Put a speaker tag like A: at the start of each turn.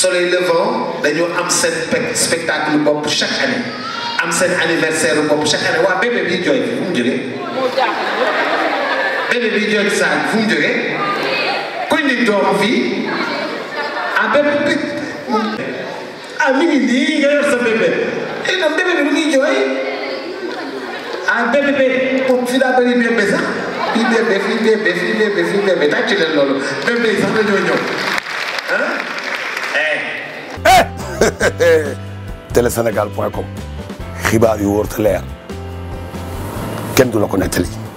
A: soleil levant dañoo am seen spectacle bopp chaque année am seen anniversaire bopp chaque année waa bébé bi jooy fu mu jógee bébé bi jooy saan fu mu jógee
B: kuy ni doom fii ah
C: bébé bi ah mi ngi nii nga yor sa bébé eh non bébé bi mu ngi jooy
D: ah bébé bi moom fii daa bëri sax fii bébé fii bébé fii bébé fii bébé tàcc leen loolu bébé sax
E: hey. Eh. Eh. télé sénégal point com xibaar yu wóor te leer kenn du la ko nettali